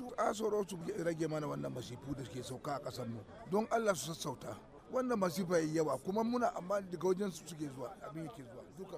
waɗansu asoro su rage mana wannan masifu da ke sauka a kasar mu don Allah su sassauta wannan masifa yi yawa kuma muna amma daga wajen su suke zuwa abin yake zuwa duka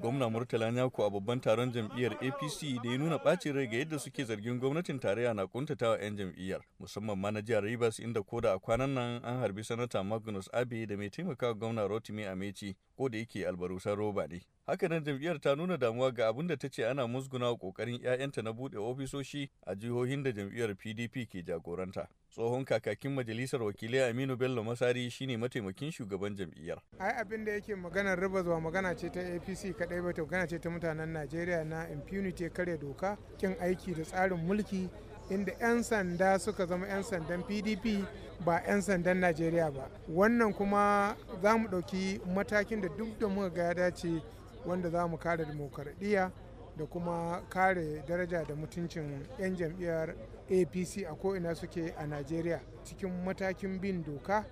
gwamna murtala nyako a babban taron jam'iyyar apc da ya nuna ɓacin rai ga yadda suke zargin gwamnatin tarayya na kuntatawa 'yan jam'iyyar musamman ma na jihar rivers inda koda a kwanan nan an harbi sanata magnus abe da mai taimakawa gwamna rotimi amechi ko da yake albarusan roba ne Hakanan jam'iyyar ta nuna damuwa ga abin da ta ce ana musguna wa ƙoƙarin 'ya'yanta na buɗe ofisoshi a jihohin da jam'iyyar PDP ke jagoranta. Tsohon kakakin majalisar wakilai Aminu Bello Masari shine mataimakin shugaban jam'iyyar. Ai abin da yake maganar riba zuwa magana ce ta APC kaɗai ba ta magana ce ta mutanen Najeriya na impunity kare doka, kin aiki da tsarin mulki inda 'yan sanda suka zama 'yan sandan pdp ba 'yan sandan najeriya ba wannan kuma za mu ɗauki matakin da duk da muka ga ya dace wanda za mu kare demokaradiyya da kuma kare daraja da mutuncin 'yan jam'iyyar apc a ko'ina suke a najeriya cikin matakin bin doka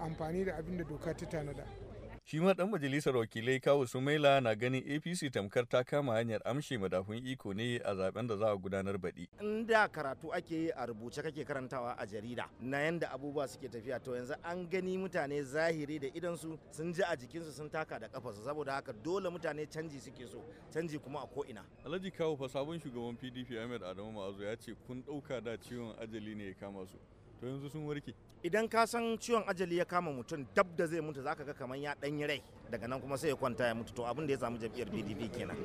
amfani da abin da doka ta tanada. Shi ma ɗan majalisar wakilai Kawu Sumaila na ganin APC tamkar ta kama hanyar amshe madafun iko ne a zaben da za a gudanar baɗi. In da karatu ake yi a rubuce kake karantawa a jarida na yanda abubuwa suke tafiya to yanzu an gani mutane zahiri da su sun ji a jikinsu sun taka da kafarsu saboda haka dole mutane canji suke so canji kuma a ko'ina. Alhaji kawo fa sabon shugaban PDP Ahmed Adamu Ma'azu ya ce kun ɗauka da ciwon ajali ne ya kama su. to yanzu sun warke idan ka san ciwon ajali ya kama mutum dab da zai mutu zaka ga kamar ya yi rai daga nan kuma sai ya kwanta ya mutu to abin da ya samu jam'iyyar PDP kenan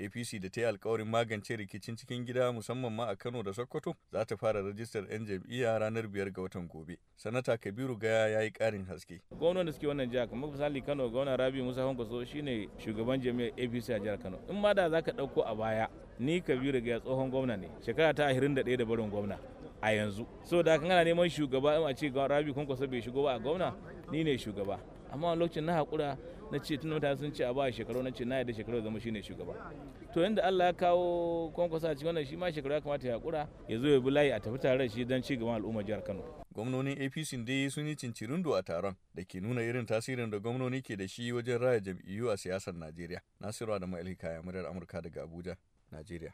APC da ta yi alkawarin magance rikicin cikin gida musamman ma a Kano da Sokoto za ta fara rajistar 'yan jam'iyya ranar biyar ga watan gobe. Sanata Kabiru Gaya ya yi ƙarin haske. Gwamnan da suke wannan jiha kamar misali Kano gwamnan Rabi Musa shi shine shugaban jami'ar APC a jihar Kano. In ma da za ka ɗauko a baya ni Kabiru Gaya tsohon gwamna ne shekara ta 21 da barin gwamna. a yanzu so da kan ana neman shugaba a ce rabi kwankwasa bai shigo ba a gwamna ni ne shugaba amma lokacin na haƙura na ce tun mutane sun ce a ba shekaru na ce na yadda shekaru zama shine shugaba to yadda Allah ya kawo kwankwasa a cikin wannan shi ma shekaru ya kamata ya hakura ya zo ya bi layi a tafi tare shi don ci gaban al'ummar jihar Kano gwamnonin APC dai sun yi cincirindo a taron da ke nuna irin tasirin da gwamnoni ke da shi wajen raya jam'iyyu a siyasar Najeriya Nasiru Adamu Alhikaya muryar Amurka daga Abuja Najeriya